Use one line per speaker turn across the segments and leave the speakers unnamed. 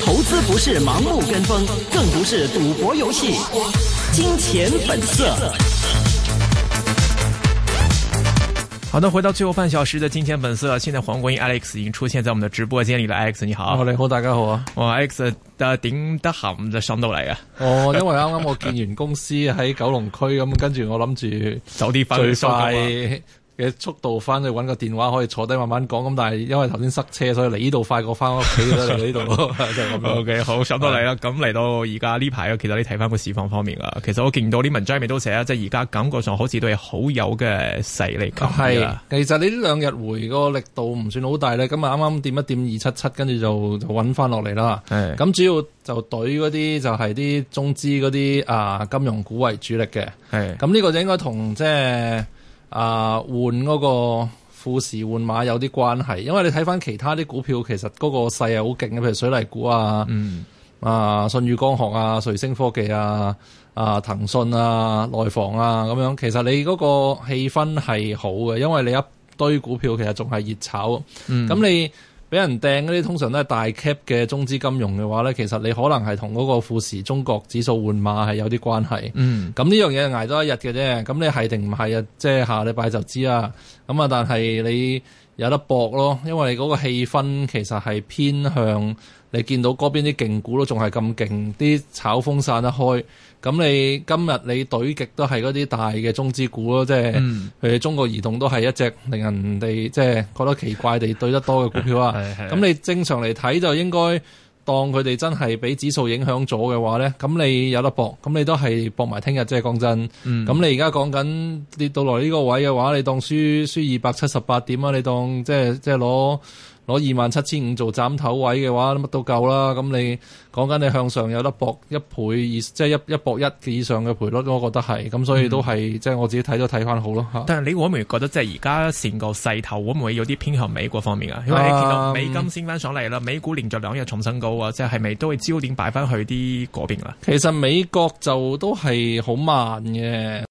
投資不是盲目跟風，更不是賭博遊戲。金錢本色。好的，回到最後半小時的金錢本色。現在黃國英 Alex 已經出現在我們的直播間裏了，Alex 你好。我好、嗯，大家好啊。哇，Alex 點得閒就上到嚟啊？
哦，因為啱啱我見完公司喺九龍區，咁 跟住我諗住早啲翻去。 嘅速度翻去揾個電話可以坐低慢慢講，咁但係
因為頭先塞車，所以嚟呢度快過翻屋企啦嚟呢度。 o、okay, K 好，上到嚟啦。咁嚟是到而家呢排，其實你睇翻個市況方面啊，其實我見到啲文章咪都寫啦，即係而家感覺上好似都係好有嘅勢力。係，
其實你呢兩日回個力度唔算好大咧，咁啊啱啱點一點二七七，跟住就就穩翻落嚟啦。係是，咁主要就懟嗰啲就係啲中資嗰啲啊金融股為主力嘅。係是，咁呢個就應該同即係。啊，換嗰個富時換馬有啲關係，因為你睇翻其他啲股票，其實嗰個勢係好勁嘅，譬如水泥股啊，嗯、啊舜宇光學啊、瑞星科技啊、啊騰訊啊、內房啊咁樣，其實你嗰個氣氛係好嘅，因為你一堆股票其實仲係熱炒，咁、嗯、你。俾人掟嗰啲通常都係大 cap 嘅中資金融嘅話咧，其實你可能係同嗰個富時中國指數換馬係有啲關係。嗯，咁呢樣嘢捱多一日嘅啫。咁你係定唔係啊？即係下禮拜就知啦。咁啊，但係你有得搏咯，因為你嗰個氣氛其實係偏向。你見到嗰邊啲勁股都仲係咁勁，啲炒風散得開。咁你今日你對極都係嗰啲大嘅中資股咯，即係誒中國移動都係一隻令人哋即係覺得奇怪地對得多嘅股票啊。咁 你正常嚟睇就應該當佢哋真係俾指數影響咗嘅話咧，咁你有得搏，咁你都係搏埋聽日。即係講真，咁 你而家講緊跌到來呢個位嘅話，你當輸輸二百七十八點啊，你當即係即係攞。攞二萬七千五做斬頭位嘅話，乜都夠啦。咁你講緊你向上有得
搏一倍，即係一一搏一以上嘅賠率，我都覺得係咁，所以都係、嗯、即係我自己睇都睇翻好咯。但係你會唔會覺得即係而家成個勢頭會唔會有啲偏向美國方面啊？因為你見到美金升翻上嚟啦，啊、美股連續兩日重新高啊，即係係咪都會焦點擺翻去啲嗰邊啦？其實美國就都係好慢嘅。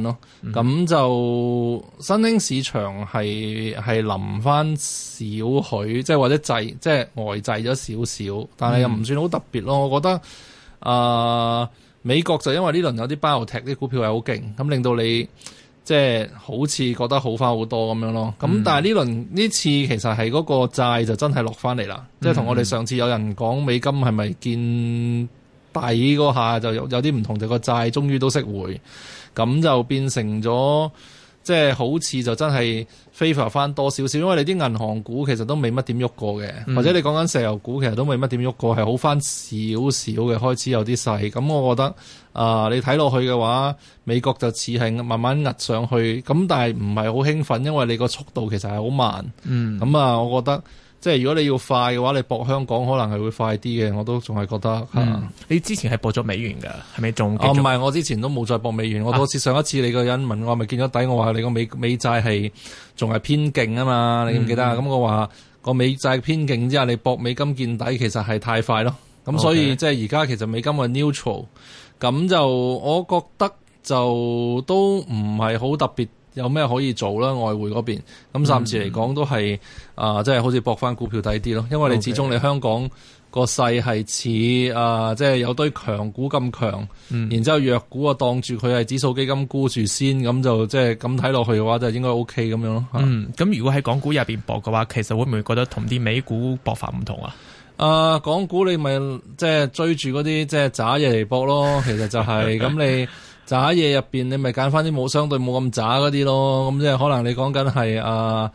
咯，咁、嗯、就新興市場係係冧返少許，即係或者滯，即係呆滯咗少少，但係又唔算好特別咯。我覺得啊、呃，美國就因為呢輪有啲 BioNTech，啲股票係好勁，咁令到你即係好似覺得好翻好多咁樣咯。咁、嗯、但係呢輪呢次其實係嗰個債就真係落翻嚟啦，嗯、即係同我哋上次有人講美金係咪見？底嗰下就有有啲唔同，就個債終於都息回，咁就變成咗即係好似就真係非發翻多少少，因為你啲銀行股其實都未乜點喐過嘅，嗯、或者你講緊石油股其實都未乜點喐過，係好翻少少嘅，開始有啲細。咁我覺得啊、呃，你睇落去嘅話，美國就似係慢慢壓上去，咁但係唔係好興奮，因為你個速度其實係好慢。嗯，咁啊，我覺得。即係如果你要快嘅話，你博香港可能係會快啲嘅。我都仲係覺得，嗯嗯、你之前係博咗美元㗎，係咪仲？哦，唔係，我之前都冇再博美元。啊、我好似上一次你個人問我，咪見咗底，我話你個美美債係仲係偏勁啊嘛，你記唔記得啊？咁、嗯、我話個美債偏勁之後，你博美金見底其實係太快咯。咁所以 Okay. 即係而家其實美金嘅 neutral，咁就我覺得就都唔係好特別。有咩可以做啦？外匯嗰邊咁暫、嗯、時嚟講都係啊，即、呃、係好似博翻股票低啲咯。因為你始終你香港個勢係似啊，即係有堆強股咁強，嗯、然之後弱股啊當住佢係指數基金沽住先，咁、嗯、就即係咁睇落去嘅話，就應該 OK 咁樣咯。嗯，
咁如果喺港股入邊博嘅話，其實會唔會覺得同啲美股博法唔同啊？
啊、呃，港股你咪即係追住嗰啲即係渣嘢嚟博咯，其實就係、係、咁 你。渣嘢入邊，你咪揀翻啲冇相對冇咁渣嗰啲咯。咁即係可能你講緊係啊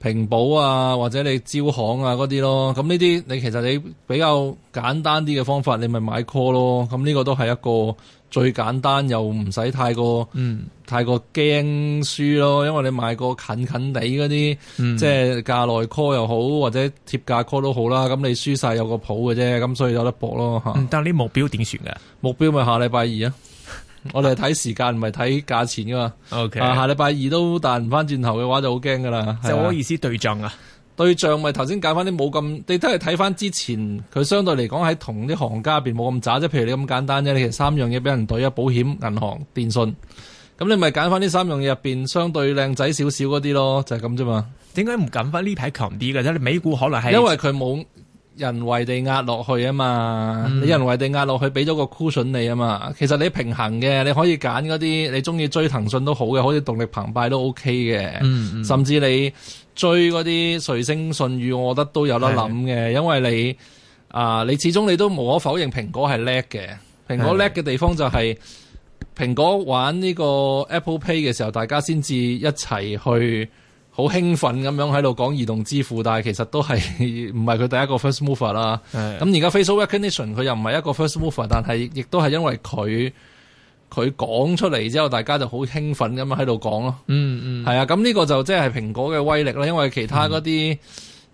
平保啊，或者你招行啊嗰啲咯。咁呢啲你其實你比較簡單啲嘅方法，你咪買 call 咯。咁、這、呢個都係一個最簡單又唔使太過、嗯、太過驚輸咯。因為你買個近近啲嗰啲，嗯、即係價內 call 又好，或者貼價 call 都好啦。咁你輸晒有個譜嘅啫，咁所以有得搏咯吓、嗯。但係你目標點算嘅？目標咪下禮拜二啊！ 我哋係睇時間唔係睇價錢噶嘛，Okay. 啊下禮拜二都彈唔翻轉頭嘅話就好驚噶啦，就我意思對象啊，對象咪頭先揀翻啲冇咁，你都係睇翻之前佢相對嚟講喺同啲行家入邊冇咁渣啫，譬如你咁簡單啫，你其實三樣嘢俾人懟啊，保險、銀行、電信，咁你咪揀翻啲三樣嘢入邊相對靚仔少少嗰啲咯，就係咁啫嘛。點解唔揀翻呢排強啲嘅？你因為美股可能係因為佢冇。人為地壓落去啊嘛，嗯、你人為地壓落去，俾咗個 cushion 你啊嘛。其實你平衡嘅，你可以揀嗰啲你中意追騰訊都好嘅，好似動力澎湃都 OK 嘅。嗯嗯、甚至你追嗰啲瑞聲、舜宇，我覺得都有得諗嘅。的因為你啊、呃，你始終你都無可否認蘋果係叻嘅，蘋果叻嘅地方就係、是、蘋的果玩呢個 Apple Pay 嘅時候，大家先至一齊去。好興奮咁樣喺度講移動支付，但係其實都係唔係佢第一個 first mover 啦。咁而家 facial recognition 佢又唔係一個 first mover，但係亦都係因為佢佢講出嚟之後，大家就好興奮咁樣喺度講咯。嗯嗯，係啊，咁呢個就即係蘋果嘅威力啦。因為其他嗰啲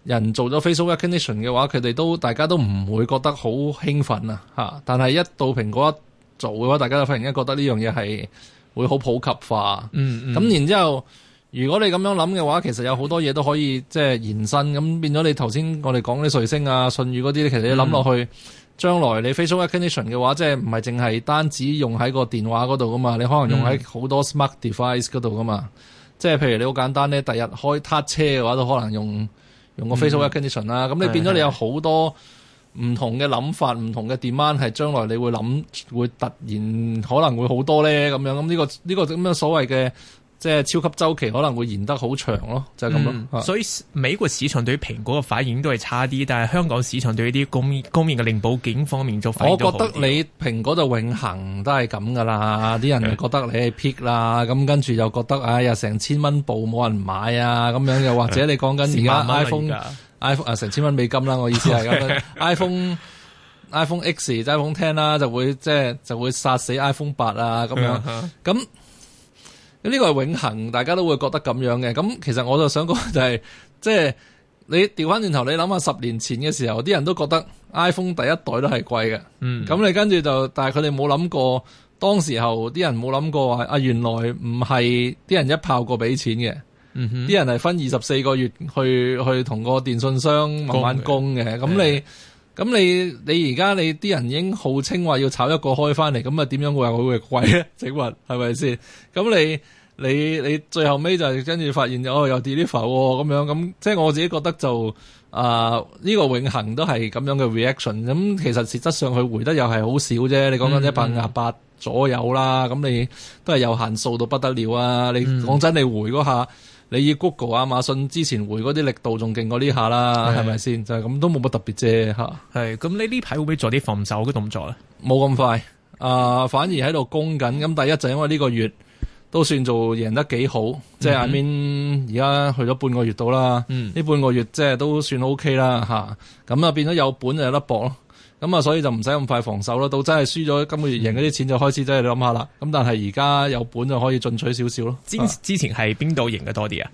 人做咗 facial recognition 嘅話，佢哋、嗯、都大家都唔會覺得好興奮啊嚇。但係一到蘋果一做嘅話，大家就忽然間覺得呢樣嘢係會好普及化。嗯嗯，咁、嗯、然之後。如果你咁樣諗嘅話，其實有好多嘢都可以即係延伸，咁變咗你頭先我哋講啲瑞星啊、舜宇嗰啲咧，其實你諗落去，將、嗯、來你 Facebook Activation 嘅話，即係唔係淨係單止用喺個電話嗰度噶嘛，你可能用喺好多 smart device 嗰度噶嘛，即係譬如你好簡單咧，第日開塔車嘅話，都可能用用個 Facebook Activation 啦。咁、嗯、你變咗你有好多唔同嘅諗法、唔、嗯、同嘅 demand，係將來你會諗會突然可能會好多咧咁樣。咁呢個呢個咁樣所謂嘅。即係超級周期可能會延得好長咯，就係咁咯。嗯啊、所以
美國市場對蘋果嘅反應都係差啲，但係香港市場對呢啲供供應嘅零部件方面就反應，我覺得你蘋果就永恆都係咁噶啦。啲 人就覺
得你係 pick 啦，咁跟住又覺得哎呀，成千蚊部冇人買啊，咁樣又或者你講緊而家 iPhone iPhone 啊成千蚊美金啦，我意思係 iPhone iPhone X iPhone Ten 啦，就會即係就會殺死 iPhone 八啊咁樣咁。 呢個係永恆，大家都會覺得咁樣嘅。咁其實我就想講就係、是，即係你調返轉頭，你諗下十年前嘅時候，啲人都覺得 iPhone 第一代都係貴嘅。嗯。咁你跟住就，但係佢哋冇諗過，當時候啲人冇諗過啊，原來唔係啲人一炮過俾錢嘅。嗯哼。啲人係分二十四個月去去同個電信商慢慢供嘅。咁的你。嗯。咁你你而家你啲人已經號稱話要炒一個開翻嚟，咁啊點樣會佢會貴啊？整運係咪先？咁你你你最後尾就係跟住發現哦，有 deliver 咁、哦、樣，咁即係我自己覺得就啊呢、呃呢個永恆都係咁樣嘅 reaction。咁其實實質上佢回得又係好少啫。你講緊一百廿八左右啦，咁你都係有限數到不得了啊！你講真，你回嗰下。你以 Google、亞馬遜之前回嗰啲力度仲勁過呢下啦，係咪先？就係、是、咁都冇乜特別啫嚇。係咁，你呢排會唔會做啲防守嘅動作咧？冇咁快啊、呃，反而喺度攻緊。咁第一就因為呢個月都算做贏得幾好，嗯、即係下面而家去咗半個月到啦。呢、嗯、半個月即係都算 O K 啦嚇。咁啊就變咗有本就有得搏咯。咁啊，所以就唔使咁快防守啦。到真係輸咗今個月贏嗰啲錢就開始真係諗下啦。咁但係而家有本就可以進取少少咯。之之前係邊度贏嘅多啲啊？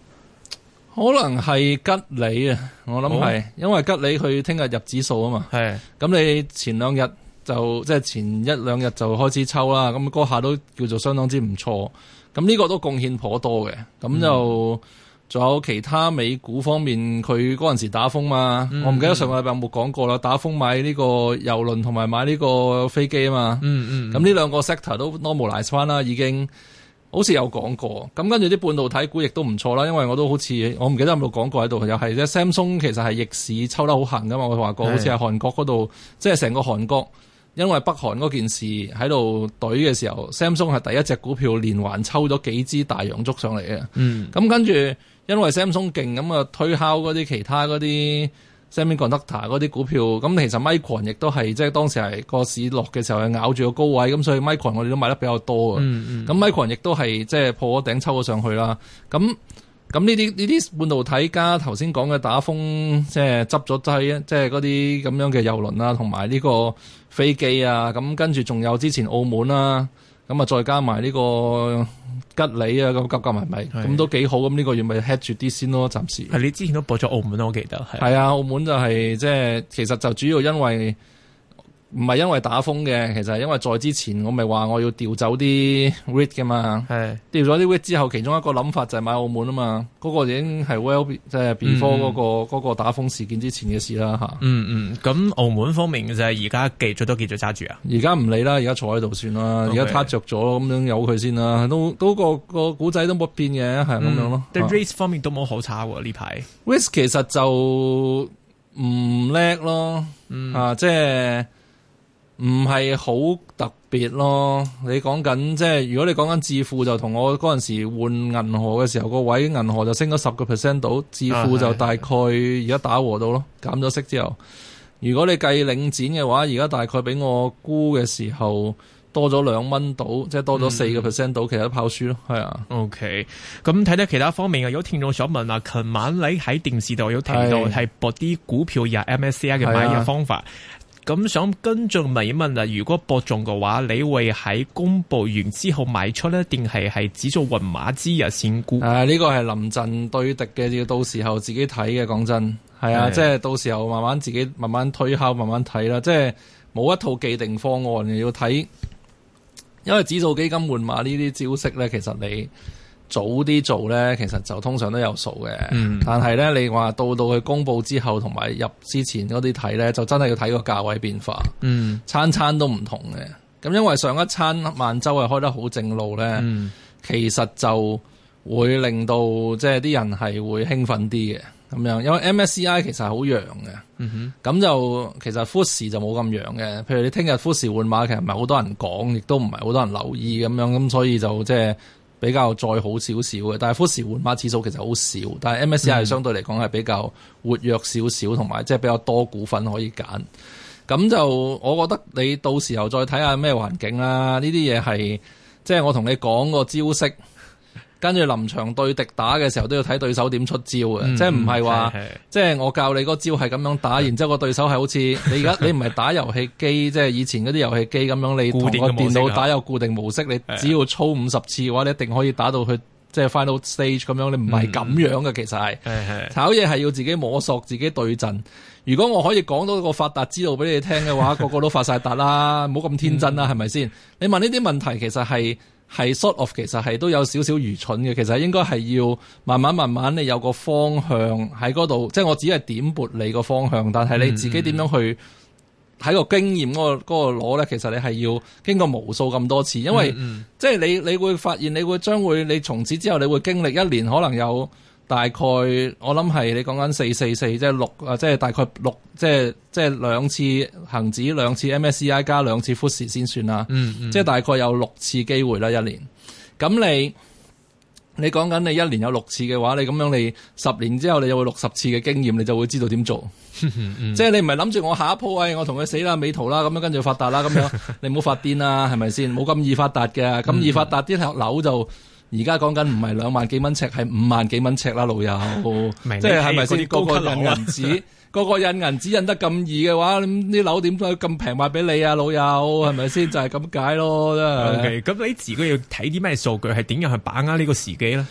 可能係吉利啊，我諗係，哦、因為吉利佢聽日入指數啊嘛。係的。咁你前兩日就即係前一兩日就開始抽啦，咁嗰下都叫做相當之唔錯。咁呢個都貢獻頗多嘅。咁就。嗯仲有其他美股方面，佢嗰陣時打風嘛？嗯嗯，我唔記得上個禮拜有冇講過啦。打風買呢個遊輪同埋買呢個飛機啊嘛。嗯，嗯嗯。咁呢兩個 sector 都 normalize 翻啦，已經好似有講過。咁跟住啲半導體股亦都唔錯啦，因為我都好似我唔記得有冇講過喺度，又係啫。Samsung 其實係逆市抽得好行噶嘛，我話過好似喺韓國嗰度，的即係成個韓國。因為北韓嗰件事喺度隊嘅時候，Samsung 係第一隻股票連環抽咗幾支大陽燭上嚟嘅。嗯。咁跟住，因為 Samsung 勁，咁啊推敲嗰啲其他嗰啲 Semiconductor 嗰啲股票。咁其實 Micron 亦都係即係當時係個市落嘅時候，係咬住個高位。咁所以 Micron 我哋都買得比較多嘅，嗯。嗯嗯。咁 Micron 亦都係即係破咗頂抽咗上去啦。咁咁呢啲呢啲半導體加頭先講嘅打風，即係執咗低啊！即係嗰啲咁樣嘅郵輪啊，同埋呢個。飛機啊，咁跟住仲有之前澳門啦，啊，咁啊再加埋呢個吉利啊，咁夾夾埋埋，咁的都幾好。咁，這、呢個月咪 hedge 住啲先咯，暫
時。係你之前都博咗澳門咯，我記得係。係啊，
澳門就係即係其實就主要因為。唔係因為打風嘅，其實係因為在之前我咪話我要調走啲 REITs 噶嘛，係調咗啲 REITs 之後，其中一個諗法就係買澳門啊嘛，嗰、那個已經係 well 即 be, 係 before 嗰、那個、嗯、個打風事件之前嘅事啦吓、嗯。嗯嗯，咁澳門方面
就係而家繼續都繼續揸住啊？
而家唔理啦，而家坐喺度算啦，而家撻着咗咁樣由佢先啦，都都個個古仔都冇變嘅，係、就、咁、是、樣咯。對 REITs、嗯啊、方面都冇好炒喎呢排。REITs 其實就唔叻咯，嗯、啊即係。就是唔係好特別咯，你講緊即係如果你講緊置富，就同我嗰陣時換銀河嘅時候，個位，銀河就升咗十個 percent 到，置富就大概而家打和到咯，減咗息之後，如果你計領展嘅話，而家大概比我估嘅時候多咗兩蚊到，即係多咗四個
percent 到，嗯、其實都跑輸咯，係啊。OK，咁睇睇其他方面啊，有聽眾想問啊，琴晚你喺電視度有提到係博啲股票入 MSCI 嘅買嘅方法。咁想跟進美一問，如果博中嘅話，你會喺公布完之後賣出呢，定係係指數換馬之日先沽？呢、啊呢個係臨陣對敵嘅，要到
時候自己睇嘅。講真，係啊，的即係到時候慢慢自己慢慢推敲，慢慢睇啦。即係冇一套既定方案，又要睇，因為指數基金換馬呢啲招式咧，其實你。早啲做呢，其實就通常都有數嘅。嗯、但係呢，你話到到佢公佈之後，同埋入之前嗰啲睇呢，就真係要睇個價位變化。嗯、餐餐都唔同嘅。咁因為上一餐萬州係開得好正路呢，嗯、其實就會令到即係啲人係會興奮啲嘅。咁樣，因為 MSCI 其實係好揚嘅。咁、嗯、哼就其實富時就冇咁揚嘅。譬如你聽日富時換馬，其實唔係好多人講，亦都唔係好多人留意咁樣。咁所以就即係。比較再好少少嘅，但係富時換馬次數其實好少，但係 MSCI 相對嚟講係比較活躍少少，同埋即係比較多股份可以揀。咁就我覺得你到時候再睇下咩環境啦，呢啲嘢係即係我同你講個招式。跟住臨場對敵打嘅時候，都要睇對手點出招嘅，即係唔係話，即係我教你嗰招係咁樣打，然之後個對手係好似你而家你唔係打遊戲機，即係以前嗰啲遊戲機咁樣，你同個電腦打有固定模式，你只要操五十次嘅話，你一定可以打到去，即係 final stage 咁樣，你唔係咁樣嘅，其實係炒嘢係要自己摸索自己對陣。如果我可以講到個發達之道俾你聽嘅話，個個都發晒達啦，冇咁天真啦，係咪先？你問呢啲問題其實係。係 sort of 其實係都有少少愚蠢嘅，其實係應該係要慢慢慢慢你有個方向喺嗰度，即係我只係點撥你個方向，但係你自己點樣去喺個經驗嗰、嗰個攞咧、嗰個，其實你係要經過無數咁多次，因為即係你你會發現你會將會你從此之後，你會經歷一年可能有。大概我諗係你講緊四四四，即係六，即係大概六，即係即係兩次恒指，兩次 MSCI 加兩次富士先算啦。即係、嗯嗯、大概有六次機會啦一年。咁你你講緊你一年有六次嘅話，你咁樣你十年之後你有六十次嘅經驗，你就會知道點做。嗯嗯、即係你唔係諗住我下一鋪，哎，我同佢死啦，美圖啦，咁樣跟住發達啦，咁樣你唔好發癲啦，係咪先？冇咁易發達嘅，咁易發達啲樓就。而家講緊唔係兩萬幾蚊尺，係五萬幾蚊尺啦，老友。
即係係咪先，個個印銀紙，
個個印銀紙印得咁易嘅話，你啲 樓點解咁平賣俾你啊，老友？係咪先，就係咁解咯。真
係。OK，咁你自己要睇啲咩數據，係點樣去把握呢個時機咧？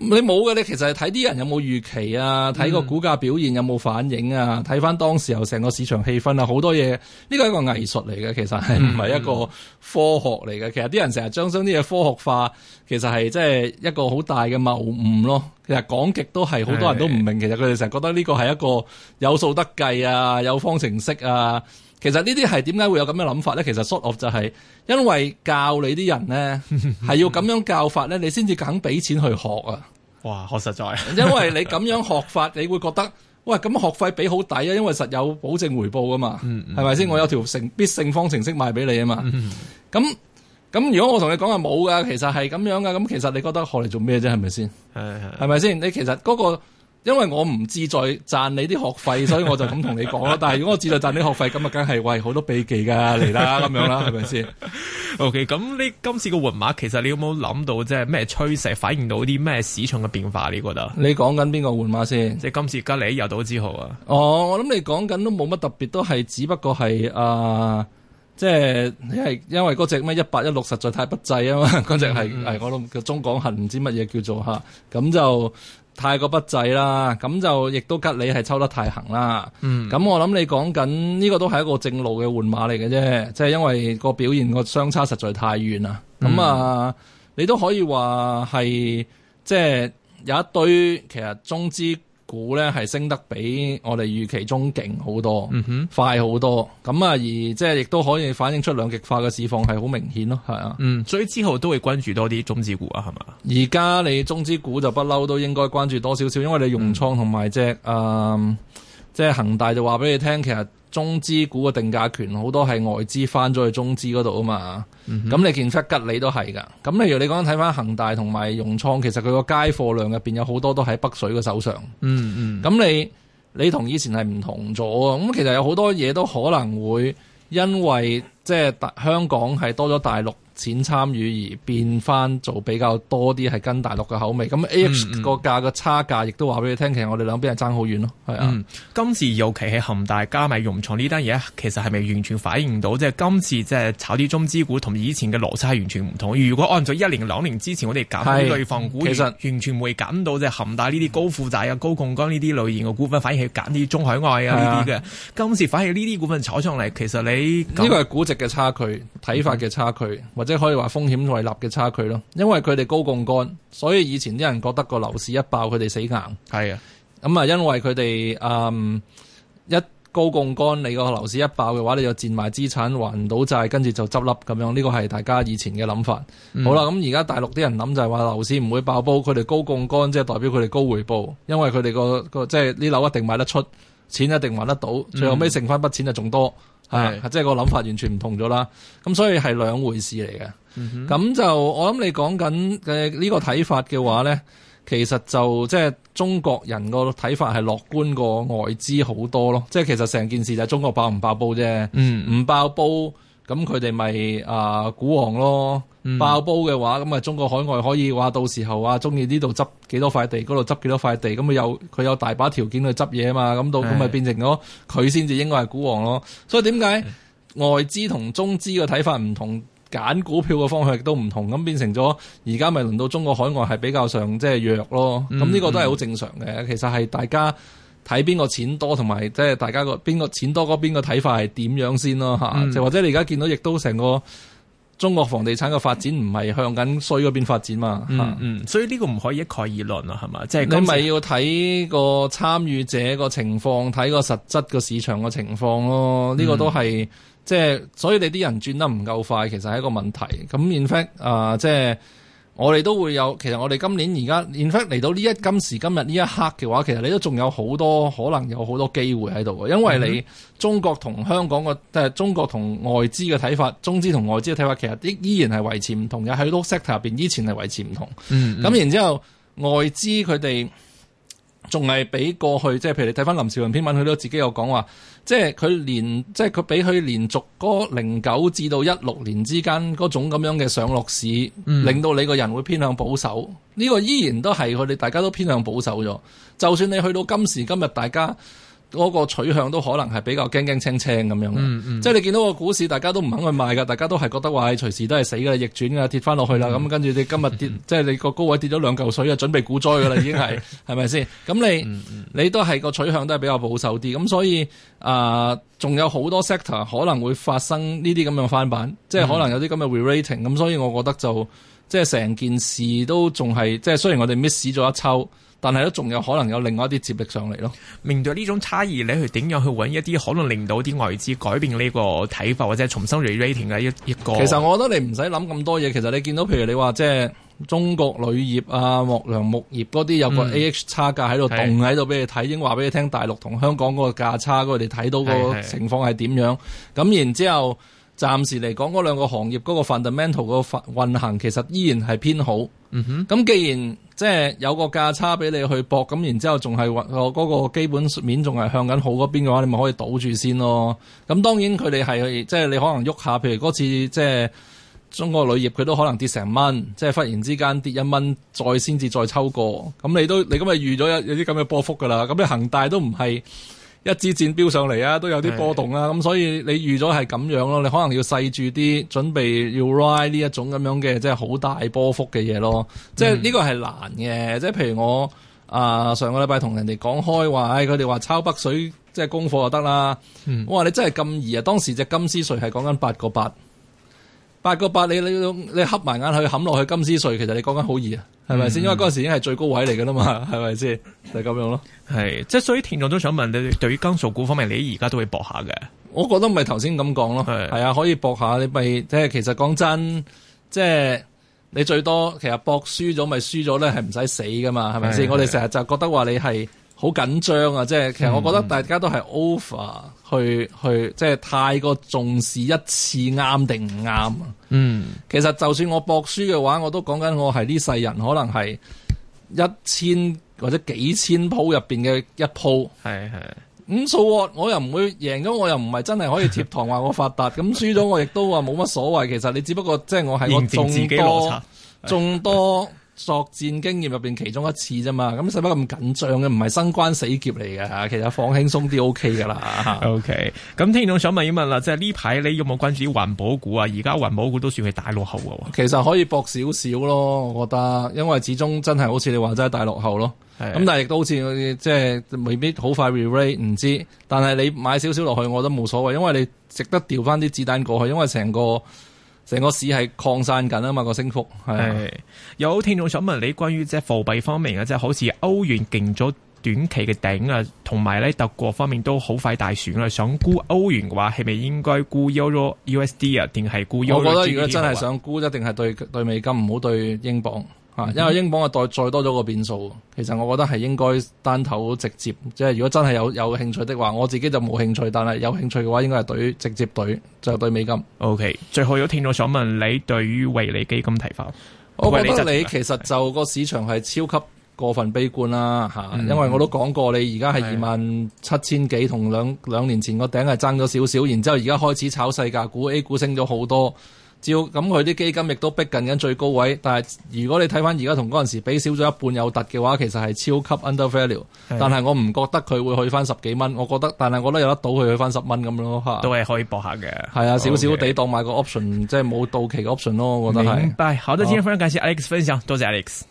你冇嘅咧，你其實係睇啲人有冇預期啊，睇個股價表現有冇反應啊，睇翻當時又成個市場氣氛啊，好多嘢。呢個係一個藝術嚟嘅，其實係唔係一個科學嚟嘅。其實啲人成日將將啲嘢科學化，其實係即係一個好大嘅謬誤咯。其實講極都係好多人都唔明，其實佢哋成日覺得呢個係一個有數得計啊，有方程式啊。其實呢啲係點解會有咁嘅諗法咧？其實 short 落就係因為教你啲人咧係 要咁樣教法咧，你先至肯俾錢去學啊！哇，好實在！ 因為你咁樣學法，你會覺得，哇，咁學費俾好抵啊！因為實有保證回報噶嘛，係咪先？嗯吧嗯、我有條成必勝方程式賣俾你啊嘛！咁咁、嗯，嗯、如果我同你講係冇噶，其實係咁樣噶，咁其實你覺得學嚟做咩啫？係咪先？係係咪先？你其實嗰、個。因為我唔志在賺你啲學費，所以我就咁同你講咯。但係如果我志在賺你啲學費，咁啊，梗係喂好多秘技噶嚟啦，咁 樣啦，係咪先
？OK，咁呢今次個換馬，其實你有冇諗到即係咩趨勢，反映到啲咩市場嘅變化？你覺得？你講緊邊個換馬先？即係今次隔籬入到之後
啊？哦，我諗你講緊都冇乜特別，都係只不過係啊，即係你係因為嗰隻咩一八一六實在太不濟啊嘛，嗰隻係係我諗嘅中港恒唔知乜嘢叫做吓，咁就。太過不濟啦，咁就亦都吉利係抽得太行啦。咁、嗯、我諗你講緊呢個都係一個正路嘅換馬嚟嘅啫，即係因為個表現個相差實在太遠啦。咁啊、嗯嗯，你都可以話係即係有一堆其實中資股咧係升得比我哋預期中勁好多，嗯、哼快好多，咁啊而即係亦都可以反映出兩極化嘅市況係好明顯咯，係啊、嗯，所以之後都會關注多啲中資股啊，係嘛？而家你中資股就不嬲都應該關注多少少，因為你融創同埋即係啊、嗯呃，即係恒大就話俾你聽，其實。中資股嘅定價權好多係外資翻咗去中資嗰度啊嘛，咁、嗯、哼你見出吉利都係噶，咁例如你講睇翻恒大同埋融創，其實佢個街貨量入邊有好多都喺北水嘅手上，嗯嗯，咁你你同以前係唔同咗啊，咁其實有好多嘢都可能會因為即係香港係多咗大陸。錢參與而變翻做比較多啲係跟大陸嘅口味，咁 A X 個價個差價亦都話俾你聽，嗯、其實我哋兩邊係爭好遠咯。係
啊、嗯，今次尤其係恒大加埋融創呢單嘢，其實係咪完全反映到即係今次即係炒啲中資股同以前嘅邏輯係完全唔同。如果按咗一年兩年之前我，我哋揀啲類房股，其實全完全唔會揀到即係恒大呢啲高負債啊、高槓桿呢啲類型嘅股份，反而係揀啲中海外啊呢啲嘅。今次反而呢啲股份炒上嚟，其實你呢個係估值嘅差距、睇法嘅差距。即係可以話風險為立嘅差距咯，
因為佢哋高槓桿，所以以前啲人覺得個樓市一爆佢哋死硬。係啊的，咁啊，因為佢哋誒一高槓桿，你個樓市一爆嘅話，你就賤賣資產還唔到債，跟住就執笠咁樣。呢個係大家以前嘅諗法。嗯、好啦，咁而家大陸啲人諗就係話樓市唔會爆煲，佢哋高槓桿即係代表佢哋高回報，因為佢哋個個即係呢樓一定賣得出，錢一定還得到，最後尾剩翻筆錢就仲多。嗯係，即係個諗法完全唔同咗啦。咁所以係兩回事嚟嘅。咁，嗯哼，就我諗你講緊嘅呢個睇法嘅話咧，其實就即係中國人個睇法係樂觀過外資好多咯。即係其實成件事就係中國爆唔爆煲啫。嗯，唔爆煲。咁佢哋咪啊股王咯，爆煲嘅話，咁啊中國海外可以話到時候啊，中意呢度執幾多塊地，嗰度執幾多塊地，咁啊有佢有大把條件去執嘢嘛，咁到咁咪變成咗佢先至應該係股王咯。所以點解外資同中資嘅睇法唔同，揀股票嘅方向亦都唔同，咁變成咗而家咪輪到中國海外係比較上即係弱咯。咁呢個都係好正常嘅，嗯嗯，其實係大家。睇邊個錢多同埋即係大家個邊個錢多嗰邊個睇法係點樣先咯嚇，即、嗯、或者你而家見到亦都成個中國房地產嘅發展唔係向緊衰嗰邊發展嘛，嗯嗯，
所以呢個唔可以一概而論啊，係嘛？即係你咪
要睇個參與者個情況，睇個實質個市場個情況咯。呢、呢個都係、嗯、即係，所以你啲人轉得唔夠快，其實係一個問題。咁 in fact 啊，即係。我哋都會有，其實我哋今年而家 in fact 嚟到呢一今時今日呢一刻嘅話，其實你都仲有好多可能有好多機會喺度，因為你中國同香港個即係中國同外資嘅睇法，中資同外資嘅睇法其實依依然係維持唔同嘅喺 l 個 sector 入面，以前係維持唔同。嗯、嗯，咁然之後，後外資佢哋。仲係比過去，即係譬如你睇翻林兆雲篇文，佢都自己有講話，即係佢連，即係佢比佢連續嗰零九至到一六年之間嗰種咁樣嘅上落市，嗯、令到你個人會偏向保守。呢個依然都係佢哋大家都偏向保守咗。就算你去到今時今日，大家。嗰個取向都可能係比較驚驚青青咁樣，嗯嗯、即係你見到個股市大家都唔肯去賣嘅，大家都係覺得話隨時都係死嘅逆轉嘅跌翻落去啦，咁、嗯、跟住你今日跌，嗯、即係你個高位跌咗兩嚿水啊，準備股災嘅啦，已經係係咪先？咁你你都係、嗰個取向都係比較保守啲，咁所以啊，仲、呃、有好多 sector 可能會發生呢啲咁樣翻版，即係可能有啲咁嘅 re-rating，咁、嗯、所以我覺得就即係
成件事都仲係即係雖然我哋 miss 咗一抽。但係都仲有可能有另外一啲接力上嚟咯。面對呢種差異，你去點樣去揾一啲可能令到啲外資改變呢個睇法，或者重新 re-rating 嘅一一個？其實我覺得你唔使諗咁多嘢。其實你見到，譬如你話即係
中國鋁業啊、莫良木業嗰啲有個 AH 差價喺度動喺度俾你睇，嗯、已經話俾你聽大陸同香港嗰個價差，佢哋睇到個情況係點樣。咁然之後，暫時嚟講嗰兩個行業嗰個 fundamental 嗰個運行其實依然係偏好。嗯哼。咁既然即係有個價差俾你去搏，咁然之後仲係運嗰個基本面仲係向緊好嗰邊嘅話，你咪可以賭住先咯。咁當然佢哋係即係你可能喐下，譬如嗰次即係中國鋁業，佢都可能跌成蚊，即係忽然之間跌一蚊，再先至再，再抽過。咁你都你咁咪預咗有有啲咁嘅波幅㗎啦。咁你恒大都唔係。一支箭飚上嚟啊，都有啲波動啊，咁的、嗯、所以你預咗係咁樣咯，你可能要細住啲，準備要 ride 呢一種咁樣嘅，即係好大波幅嘅嘢咯。即係呢個係難嘅，即係譬如我啊、呃、上個禮拜同人哋講開話，唉，佢哋話抄北水即係功課就得啦。嗯、我話你真係咁易啊，當時隻金斯瑞係講緊八個八。八個八，你你你合埋眼去冚落去金絲
穗，其實你講緊好易啊，係咪先？因為嗰時已經係最高位嚟噶啦嘛，係咪先？就係咁、是、樣咯。係，即係所以田總都想問你，對於金屬股方面，你而家都會搏下嘅？我覺得唔係頭先咁
講咯。係啊，可以搏下。你咪即係，其實講真，即係你最多，其實搏輸咗咪輸咗咧，係唔使死噶嘛，係咪先？我哋成日就覺得話你係。好緊張啊！即係其實我覺得大家都係 over、嗯、去去，即係太過重視一次啱定唔啱啊！嗯，其實就算我博輸嘅話，我都講緊我係呢世人可能係一千或者幾千鋪入邊嘅一鋪。係係是。咁數我我又唔會贏咗，我又唔係真係可以貼堂話我發達。咁 輸咗我亦都話冇乜所謂。其實你只不過即係我係我眾多眾多。作戰經驗入邊其中一次啫嘛，咁使乜咁緊張嘅？唔係生關
死劫嚟嘅嚇，其實放輕鬆啲 OK 噶啦 OK，咁天總想問一問啦？即係呢排你有冇關注環保股啊？而家環保股都算係大落後嘅喎。其實可
以搏少少咯，我覺得，因為始終真係好似你話齋大落後咯。咁的但
係亦都好似即
係未必好快 replay，唔知。但係你買少少落去，我都冇所謂，因為你值得調
翻啲子彈過去，因為成個。成個市係擴散緊啊嘛，個升幅係。有聽眾想問你關於即係貨幣方面嘅，即係好似歐元勁咗短期嘅頂啊，同埋咧德國方面都好快大選啦，想沽歐元嘅話，係咪應該沽 Euro USD 啊，定係沽、e？E、我覺得如果真係想
沽一定係對對美金，唔好對英鎊。因為英鎊啊，再再多咗個變數，其實我覺得係應該單頭直接。即係如果真係有有興趣的話，我自己就冇興趣，但係有興趣嘅話，應該係對直接對
就對美金。OK，最後有聽眾想問你對於維尼基金睇法？我覺得你其
實就個市場係超級過分悲觀啦，嚇、嗯！因為我都講過你而家係二萬七千幾，同兩兩年前個頂係爭咗少少，然之後而家開始炒細價股，A 股升咗好多。照咁佢啲基金亦都逼近緊最高位，但係如果你睇翻而家同嗰陣時比少咗一半有突嘅話，其實係超級 undervalue 的。但係我唔覺得佢會去翻十幾蚊，我覺得，但係我覺得有得到佢去翻十蚊咁咯嚇。都係可以搏下嘅。係啊的，okay、少少地當買個 option，即係冇到期嘅 option 咯。我覺得係。明白，好的，今日非
常感謝 Alex 分享，好多謝 Alex。